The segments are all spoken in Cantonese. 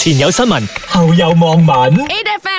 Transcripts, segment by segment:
前有新聞，後有網民。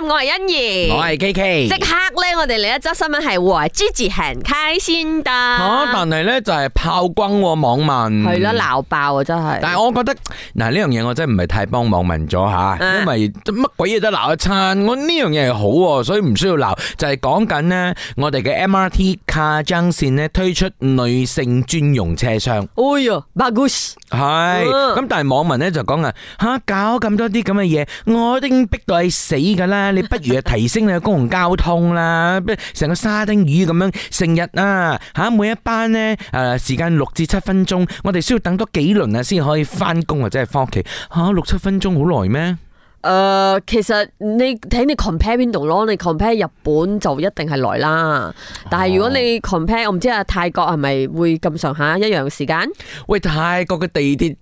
我係欣怡，我係 K K，即刻咧。我哋嚟，一則新聞係我係朱子恒開心得吓，但係咧就係炮轟網民係咯，鬧爆啊，真係。但係我覺得嗱呢樣嘢我真係唔係太幫網民咗吓，因為乜鬼嘢都鬧一餐。我呢樣嘢係好，所以唔需要鬧。就係講緊咧，我哋嘅 M R T 卡張線咧推出女性專用車廂。哎呀，八卦係咁，但係網民咧就講啊吓，搞咁多啲咁嘅嘢，我已經逼到係死噶啦。 你不如啊，提升你嘅公共交通啦，成個沙丁魚咁樣，成日啊吓，每一班咧，誒，時間六至七分鐘，我哋需要等多幾輪啊，先可以翻工，或者係翻屋企吓，六七分鐘好耐咩？誒、呃，其實你睇你 compare 邊度咯，你 compare 日本就一定係來啦，但係如果你 compare，我唔知啊泰國係咪會咁上下一樣時間？哦？喂，泰國嘅地鐵。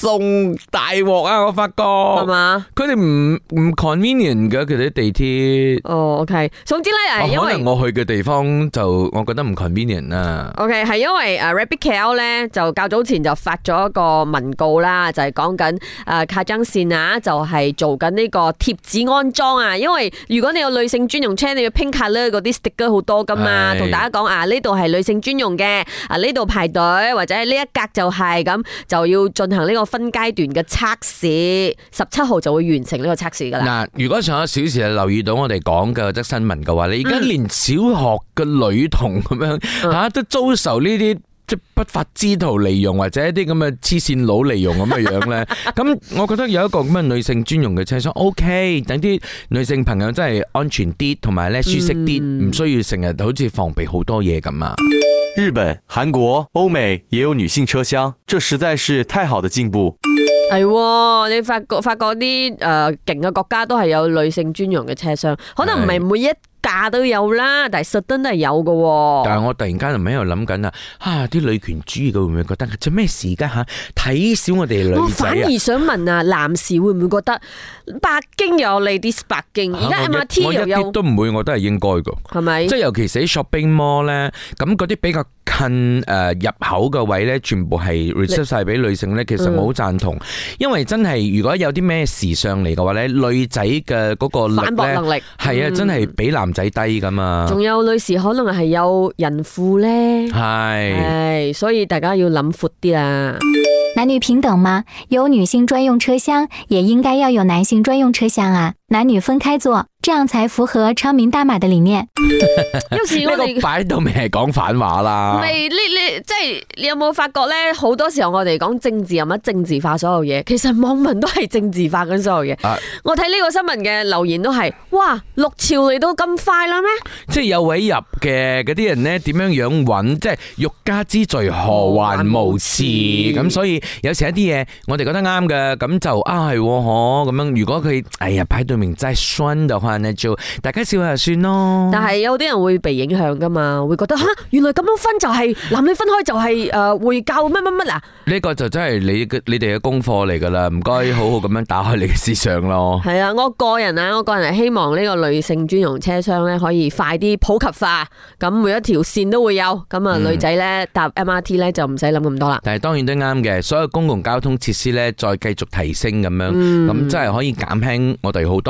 仲大鑊啊！我發覺係嘛，佢哋唔唔 convenient 噶佢啲地鐵。哦，OK。總之咧，係因為我去嘅地方就我覺得唔 convenient 啦。OK，係因為誒，Rapid KL 咧就較早前就發咗一個文告啦，就係講緊誒卡張綫啊，就係做緊呢個貼紙安裝啊。因為如果你有女性專用車，你要拼卡咧，嗰啲 sticker 好多噶嘛。同大家講啊，呢度係女性專用嘅，啊呢度排隊或者係呢一格就係咁就要進行呢個。分階段嘅測試，十七號就會完成呢個測試噶啦。嗱，如果上一小時你留意到我哋講嘅即係新聞嘅話，你而家連小學嘅女童咁樣吓、嗯、都遭受呢啲即不法之徒利用，或者一啲咁嘅黐線佬利用咁嘅樣咧，咁 我覺得有一個咁嘅女性專用嘅車廂，OK，等啲女性朋友真係安全啲，同埋咧舒適啲，嗯、唔需要成日好似防備好多嘢咁啊。日本、韓國、歐美也有女性車廂，這實在是太好的進步。係、哎，你發覺發覺啲誒、呃，勁嘅國家都係有女性專用嘅車廂，可能唔係每一。價都有啦，但係實登都係有㗎。但係我突然間就喺度諗緊啊，吓啲女權主義嘅會唔會覺得做咩事噶、啊、吓？睇少我哋女、啊，反而想問啊，男士會唔會覺得北京有你啲白京？而家 Emma T 又又都唔會，我都係應該嘅，係咪？即係尤其是 shopping mall 咧，咁嗰啲比較近誒入口嘅位咧，全部係 receive 晒俾女性咧。其實我好贊同、嗯，因為真係如果有啲咩時尚嚟嘅話咧，女仔嘅嗰個反駁能力係啊，真係俾男。唔使低咁啊！仲有女士可能係有孕婦咧，係，所以大家要諗闊啲啊！男女平等嘛？有女性專用車廂，也應該要有男性專用車廂啊！男女分開坐，這樣才符合昌明大馬的理念。我哋擺到明係講反話啦。咪 呢，你即係、就是、有冇發覺咧？好多時候我哋講政治，又乜政治化所有嘢，其實網民都係政治化緊所有嘢、啊。我睇呢個新聞嘅留言都係，哇，六朝你都咁快啦咩？即係有位入嘅嗰啲人咧，點樣樣揾？即係欲加之罪，何患無辭。無事」咁所以有時候一啲嘢，我哋覺得啱嘅，咁就啊係，嗬咁樣。如果佢哎呀擺到。名再分嘅話呢，就大家笑下算咯。但係有啲人會被影響噶嘛，會覺得吓、啊，原來咁樣分就係、是、男女分開就係、是、誒、呃，會教乜乜乜嗱。呢、這個就真係你你哋嘅功課嚟噶啦，唔該好好咁樣打開你嘅思想咯。係 啊，我個人啊，我個人係、啊啊、希望呢個女性專用車廂咧可以快啲普及化，咁每一條線都會有，咁啊女仔咧搭 MRT 咧就唔使諗咁多啦、嗯。但係當然都啱嘅，所有公共交通設施咧再繼續提升咁樣，咁真係可以減輕我哋好多。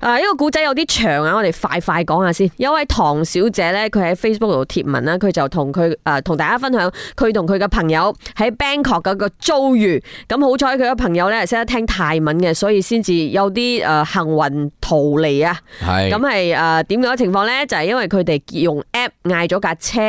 啊！呢、這個故仔有啲長啊，我哋快快講下先。有位唐小姐咧，佢喺 Facebook 度貼文啦，佢就同佢誒、同大家分享，佢同佢嘅朋友喺 Bangkok 嗰個遭遇。咁好彩佢嘅朋友咧係，識得聽泰文嘅，所以先至有啲誒幸運逃離啊。咁係誒，點、呃、樣嘅情況咧？就係、是、因為佢哋用 App 嗌咗架車，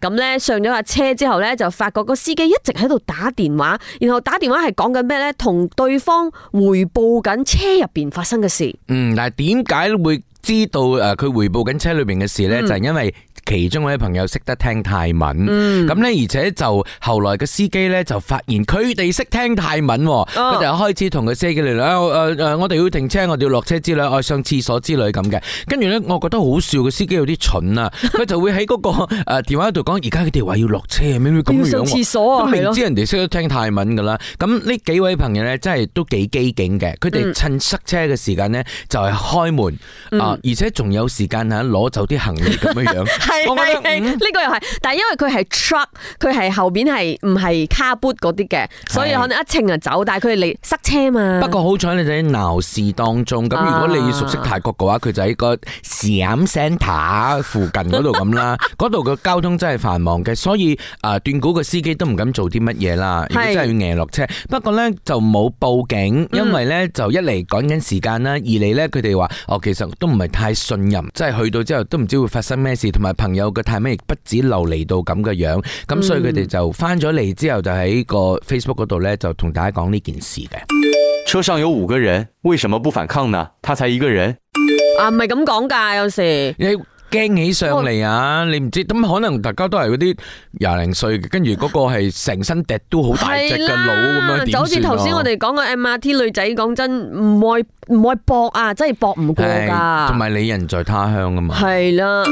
咁咧上咗架車之後咧，就發覺個司機一直喺度打電話，然後打電話係講緊咩咧？同對方回報緊車入邊發生嘅事。嗯。嗱，點解會知道誒佢回報緊車裏邊嘅事呢，就係因為其中嗰啲朋友識得聽泰文，咁、嗯、呢，而且就後來嘅司機呢，就發現佢哋識聽泰文，佢、哦、就開始同佢司 a 嚟咧，我哋要停車，我哋要落車之類，我、啊、上廁所之類咁嘅。跟住呢，我覺得好笑嘅司機有啲蠢 明明啊，佢就會喺嗰個誒電話度講，而家佢哋話要落車，咩咩咁樣，上廁，明知人哋識得聽泰文噶啦。咁呢幾位朋友呢，真係都幾機警嘅，佢哋趁塞車嘅時間呢，就係、是、開門。嗯呃啊、而且仲有時間吓攞走啲行李咁嘅樣，係呢、 嗯這個又係，但係因為佢係 truck，佢係後邊係唔係 car boot 嗰啲嘅，所以可能一程啊走，但係佢嚟塞車嘛。不過好彩你哋鬧市當中，咁如果你要熟悉泰國嘅話，佢、啊、就喺個市隱 s a n t a 附近嗰度咁啦，嗰度嘅交通真係繁忙嘅，所以啊斷股嘅司機都唔敢做啲乜嘢啦，如果真係要挨落車。不過咧就冇報警，因為咧就一嚟趕緊時間啦，二嚟咧佢哋話哦其實都唔。唔係太信任，即係去到之後都唔知會發生咩事，同埋朋友嘅太咩，不止流離到咁嘅樣，咁所以佢哋就翻咗嚟之後，就喺個 Facebook 嗰度呢，就同大家講呢件事嘅。車上有五個人，為什麼不反抗呢？他才一個人啊，唔係咁講噶，有時。驚起上嚟啊！你唔知咁、嗯、可能大家都係嗰啲廿零歲，跟住嗰個係成身跌都老樣、啊、好大隻嘅佬。咁樣點算啊？好似頭先我哋講嘅 MRT 女仔，講真唔會唔會搏啊，真係搏唔過噶。同埋你人在他鄉啊嘛。係啦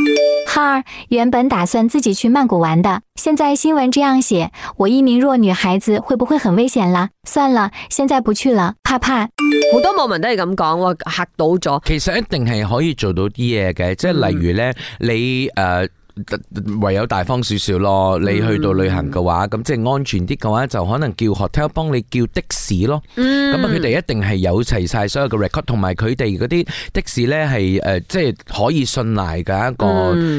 哈原本打算自己去曼谷玩的，現在新聞這樣寫，我一名弱女孩子會不會很危險啦？算了，現在不去了，怕怕。好多網民都係咁講，哇嚇到咗。其實一定係可以做到啲嘢嘅，即係例如咧，你、嗯、誒。呃唯有大方少少咯。你去到旅行嘅話，咁即係安全啲嘅話，就可能叫 hotel 幫你叫的士咯。咁啊，佢哋一定係有齊晒所有嘅 record，同埋佢哋嗰啲的士咧係誒，即係可以信賴嘅一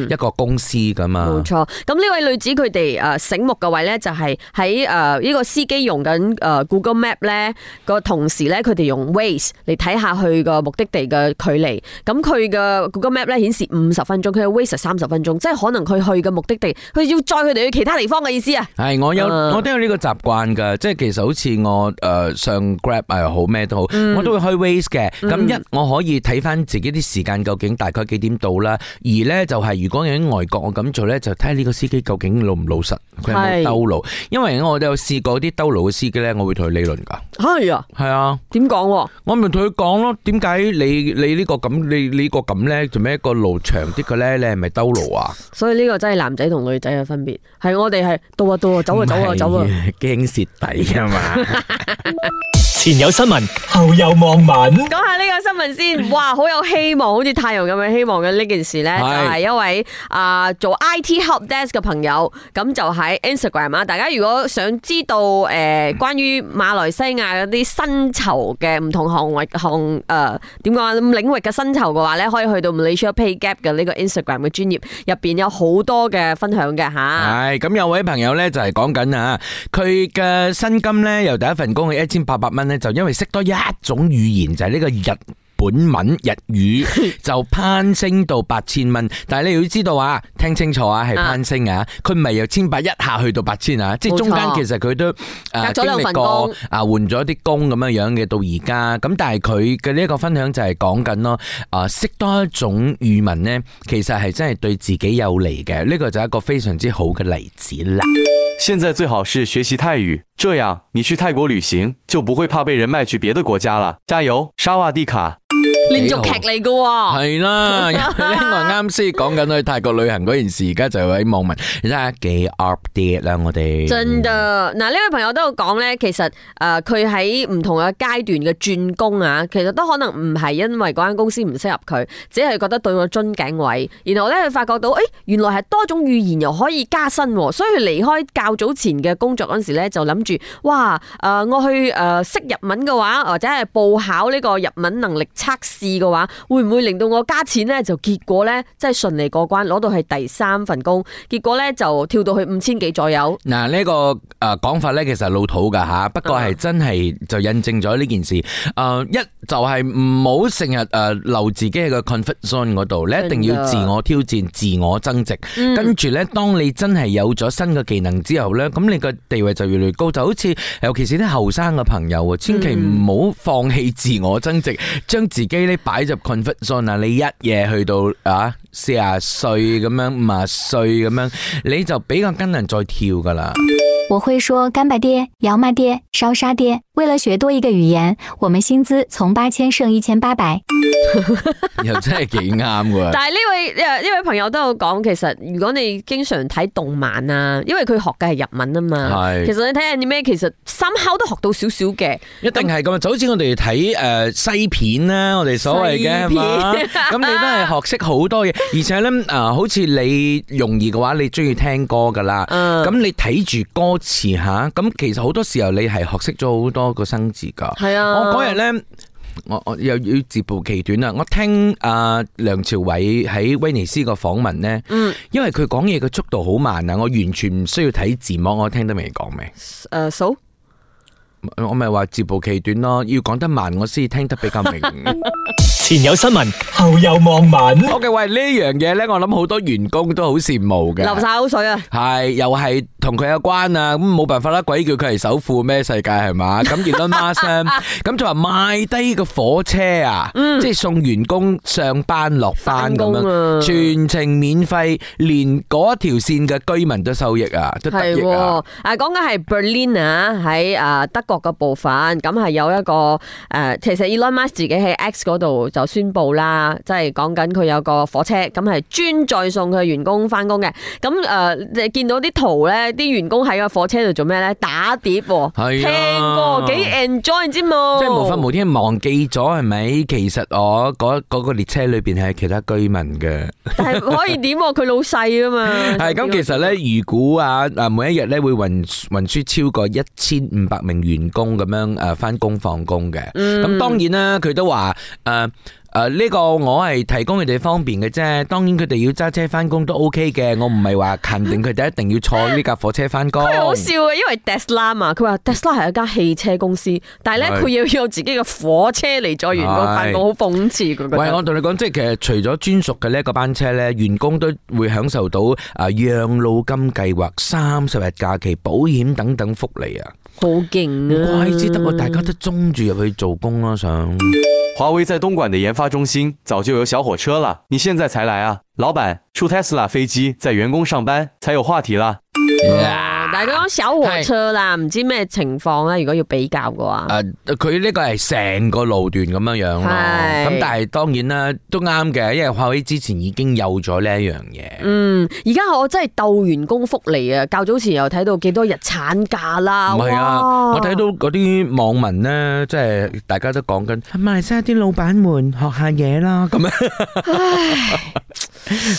個一個公司噶嘛。冇錯。咁呢位女子佢哋誒醒目嘅位咧，就係喺誒呢個司機用緊誒 Google Map 咧個同時咧，佢哋用 Waze 嚟睇下佢個目的地嘅距離。咁佢嘅 Google Map 咧顯示五十分鐘，佢嘅 Waze 三十分鐘，即係可。可能佢去嘅目的地，佢要載佢哋去其他地方嘅意思啊？係我有，我都有呢個習慣噶，即係其實好似我誒上 Grab 又好咩都好，我都會開 Waze 嘅。咁一我可以睇翻自己啲時間究竟大概幾點到啦。而咧就係如果你喺外國我咁做咧，就睇下呢個司機究竟老唔老實，佢係咪兜路？因為我都有試過啲兜路嘅司機咧，我會同佢理論噶。係啊，係啊，點講？我咪同佢講咯，點解你你呢個咁你呢個咁咧？做咩一個路長啲嘅咧？你係咪兜路啊？所以呢個真係男仔同女仔嘅分別，係我哋係到啊到啊，走啊走啊，走啊，啊，驚蝕底㗎嘛。 前有新聞，後有網民。講下呢個新聞先，哇，好有希望，好似太陽咁樣希望嘅呢件事咧，就係一位啊做 IT Hub Desk 嘅朋友，咁就喺 Instagram 啊。大家如果想知道誒關於馬來西亞嗰啲薪酬嘅唔同行業行誒點講啊領域嘅薪酬嘅話咧，可以去到 Malaysia Pay Gap 嘅呢個 Instagram 嘅專頁入邊有好多嘅分享嘅吓。係咁有位朋友咧就係講緊啊，佢嘅薪金咧由第一份工係一千八百蚊咧。就因為識多一種語言，就係、是、呢個日本文日語，就攀升到八千蚊。 但係你要知道啊，聽清楚啊，係攀升啊，佢唔係由千八一下去到八千、嗯、啊，即係中間其實佢都啊經歷過啊換咗啲工咁樣樣嘅，嗯、到而家咁。但係佢嘅呢個分享就係講緊咯，啊，識多一種語文呢，其實係真係對自己有利嘅。呢、這個就係一個非常之好嘅例子啦。現在最好是學習泰語，這樣你去泰國旅行就不會怕被人賣去別的國家了。加油，沙瓦蒂卡！連續劇嚟嘅喎，係啦，我啱先講緊去泰國旅行嗰件事，而家就位網民，真係幾 update 啦，我哋真噶。嗱呢位朋友都有講咧，其實誒佢喺唔同嘅階段嘅轉工啊，其實都可能唔係因為嗰間公司唔適合佢，只係覺得對個樽頸位，然後咧佢發覺到誒原來係多種語言又可以加薪，所以佢離開較早前嘅工作嗰時咧就諗住，哇誒我去誒識日文嘅話，或者係報考呢個日文能力測試。試嘅話，會唔會令到我加錢呢？就結果呢，即係順利過關，攞到係第三份工。結果呢就跳到去五千幾左右。嗱、這、呢個誒講法呢，其實係老土噶吓，不過係真係就印證咗呢件事。誒、啊，一就係唔好成日誒留自己喺個 confession 嗰度，你一定要自我挑戰、自我增值。嗯、跟住呢，當你真係有咗新嘅技能之後呢，咁你個地位就越嚟越高。就好似尤其是啲後生嘅朋友啊，千祈唔好放棄自我增值，嗯、將自己。你擺入 confusion 啊！你一夜去到啊四十歲咁樣，五十歲咁樣，你就比較跟人再跳噶啦。我會說干巴爹、搖媽爹、燒沙爹。為了學多一個語言，我們薪資從八千剩一千八百。又真係幾啱嘅。但係呢位呢位朋友都有講，其實如果你經常睇動漫啊，因為佢學嘅係日文啊嘛。係。其實你睇下啲咩？其實 somehow 都學到少少嘅。一定係咁，就好似我哋睇誒西片啦、啊，我哋所謂嘅咁， 那你都係學識好多嘢。而且咧，啊、呃，好似你容易嘅話，你中意聽歌噶啦。嗯。咁你睇住歌。詞吓，咁其實好多時候你係學識咗好多個生字噶。係啊，我嗰日呢，我我又要自暴其短啦。我聽阿梁朝偉喺威尼斯個訪問呢，嗯，因為佢講嘢嘅速度好慢啊，我完全唔需要睇字幕，我聽得明講咩。誒、嗯，so? 我咪話自暴其短咯，要講得慢我先聽得比較明。前有新聞，後有網民。OK，喂，呢樣嘢咧，我諗好多員工都好羨慕嘅。流晒口水啊！係又係同佢有關啊，咁冇辦法啦，鬼叫佢係首富咩世界係嘛？咁，然之後 Musk 咁就話賣低個火車啊，即係送員工上班落班咁樣，全程免費，連嗰條線嘅居民都收益啊，都得益啊。啊，講緊係 Berlin 啊，喺啊德國嘅部分，咁係有一個誒，其實 Elon Musk 自己喺 X 嗰度就宣佈啦，即係講緊佢有個火車，咁係專載送佢員工翻工嘅。咁誒，你見到啲圖咧，啲員工喺個火車度做咩咧？打碟、聽過，幾 enjoy 咋嘛。即係無法無天忘記咗係咪？其實我嗰嗰個列車裏邊係其他居民嘅，但係可以點？佢老細啊嘛。係咁，其實咧，如果啊，嗱，每一日咧會運運輸超過一千五百名員。員工咁樣誒翻工放工嘅，咁當然啦，佢都話誒誒呢個我係提供佢哋方便嘅啫，當然佢、啊、哋、呃呃這個、要揸車翻工都 O K 嘅，我唔係話限定佢哋一定要坐呢架火車翻工。佢 好笑啊，因為 Tesla 嘛，佢話 Tesla 係一家汽車公司，但係咧佢要有自己嘅火車嚟載員工翻工，好諷刺佢。喂，我同你講，即係其實除咗專屬嘅呢一個班車咧，員工都會享受到啊、呃、養老金計劃、三十日假期、保險等等福利啊。好勁啊！怪之得，我大家都中住入去做工啦、啊。想，華為在東莞的研發中心早就有小火車啦。你現在才來啊，老闆？出 Tesla 飛機在員工上班，才有話題啦。啊。但係嗰個小黃車啦，唔知咩情況？咧，如果要比較嘅話，誒、呃，佢呢個係成個路段咁樣樣咯。咁但係當然啦，都啱嘅，因為華為之前已經有咗呢一樣嘢。嗯，而家我真係鬥員工福利啊！較早前又睇到幾多日產假啦。唔係啊，我睇到嗰啲網民咧，即係大家都講緊，馬來西亞啲老闆們學下嘢啦咁樣。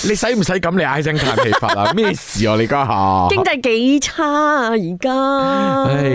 你使唔使咁？你唉聲嘆氣發啊？咩事啊，你啊？你家下經濟幾差啊唉？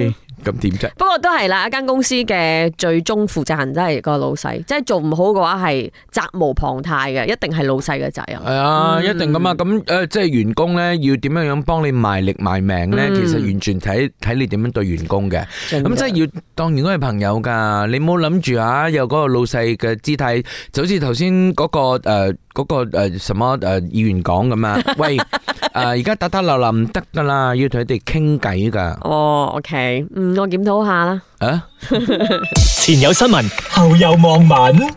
而家。咁點啫？不過都係啦，一間公司嘅最終負責人都係個老細，即係做唔好嘅話係責無旁貸嘅，一定係老細嘅責任。係啊，一定咁啊，咁誒即係員工咧要點樣樣幫你賣力賣命咧？其實完全睇睇你點樣對員工嘅。咁即係要當員工係朋友㗎，你冇諗住呀，有嗰個老細嘅姿態，就好似頭先嗰個誒嗰個誒什麼誒議員講咁啊！喂誒，而家打打鬧鬧唔得㗎啦，要同佢哋傾偈㗎。哦，OK，嗯。我檢討下啦。啊， 前有新聞，後有網民。